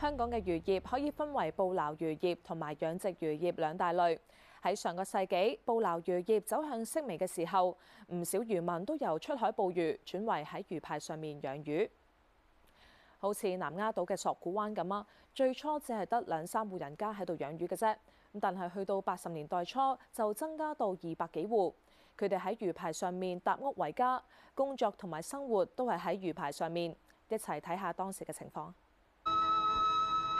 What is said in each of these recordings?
香港嘅漁業可以分為捕撈漁業同埋養殖漁業兩大類。喺上個世紀，捕撈漁業走向式微嘅時候，唔少漁民都由出海捕魚轉為喺魚排上面養魚。好似南丫島嘅索罟灣咁啊，最初只係得兩三戶人家喺度養魚嘅啫。咁但係去到八十年代初就增加到二百幾戶，佢哋喺魚排上面搭屋為家，工作同埋生活都係喺魚排上面。一齊睇下當時嘅情況。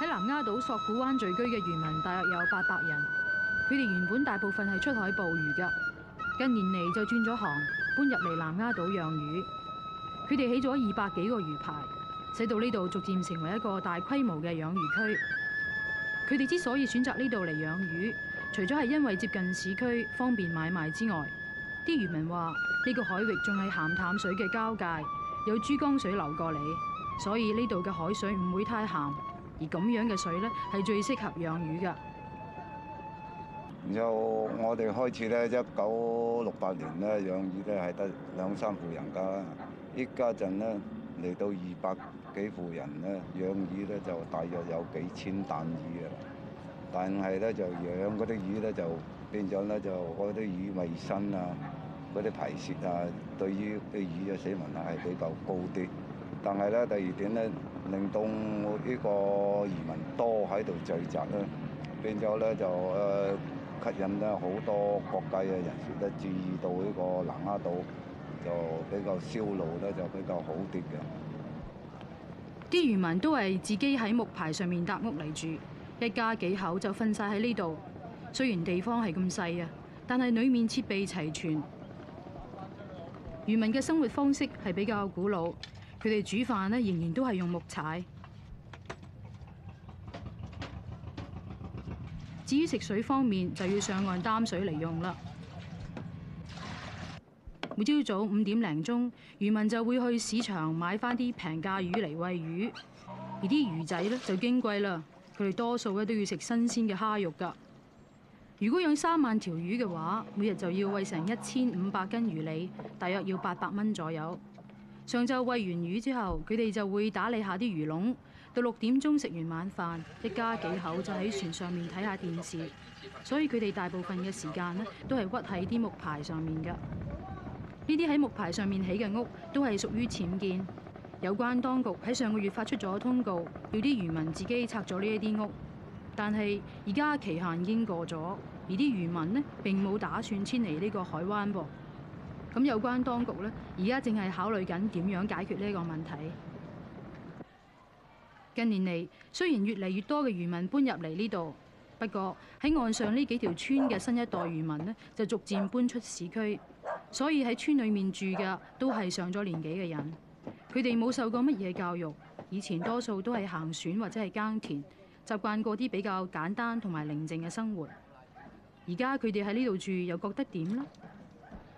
喺南丫島索罟灣聚居嘅漁民大約有八百人，佢哋原本大部分係出海捕魚㗎，近年嚟就轉咗行，搬入嚟南丫島養魚。佢哋起咗二百幾個魚排，使到呢度逐漸成為一個大規模嘅養魚區。佢哋之所以選擇呢度嚟養魚，除咗係因為接近市區，方便買賣之外，啲漁民話，呢個海域仲係鹹淡水嘅交界，有珠江水流過嚟，所以呢度嘅海水唔會太鹹。而咁樣嘅水咧，係最適合養魚噶。然之後我哋開始咧，一九六八年咧養魚咧係得兩三戶人家，一家陣咧嚟到二百幾戶人咧養魚咧就大約有幾千擔魚啊！但係咧就養嗰啲魚咧就變咗咧就嗰啲魚衞生啊、嗰啲排泄啊，對於啲魚嘅死亡率係比較高啲。但係咧，第二點咧，令到呢個漁民多喺度聚集咧，變咗咧就誒、呃、吸引咧好多國際嘅人士咧，都注意到呢個南丫島就比較銷路咧就比較好啲嘅。啲漁民都係自己喺木排上面搭屋嚟住，一家幾口就瞓晒喺呢度。雖然地方係咁細啊，但係裡面設備齊全，漁民嘅生活方式係比較古老。佢哋煮飯咧，仍然都係用木柴。至於食水方面，就要上岸擔水嚟用啦。每朝早五點零鐘，漁民就會去市場買翻啲平價魚嚟餵魚，而啲魚仔呢就矜貴啦。佢哋多數咧都要食新鮮嘅蝦肉噶。如果養三萬條魚嘅話，每日就要餵成一千五百斤魚，你大約要八百蚊左右。上晝餵完魚之後，佢哋就會打理下啲魚籠。到六點鐘食完晚飯，一家幾口就喺船上面睇下電視。所以佢哋大部分嘅時間咧，都係屈喺啲木排上面噶。呢啲喺木排上面起嘅屋，都係屬於僭建。有關當局喺上個月發出咗通告，要啲漁民自己拆咗呢一啲屋。但係而家期限已經過咗，而啲漁民呢並冇打算遷離呢個海灣噃。咁有關當局呢，而家正係考慮緊點樣解決呢個問題。近年嚟，雖然越嚟越多嘅漁民搬入嚟呢度，不過喺岸上呢幾條村嘅新一代漁民呢，就逐漸搬出市區，所以喺村裡面住嘅都係上咗年紀嘅人。佢哋冇受過乜嘢教育，以前多數都係行船或者係耕田，習慣過啲比較簡單同埋寧靜嘅生活。而家佢哋喺呢度住又覺得點呢？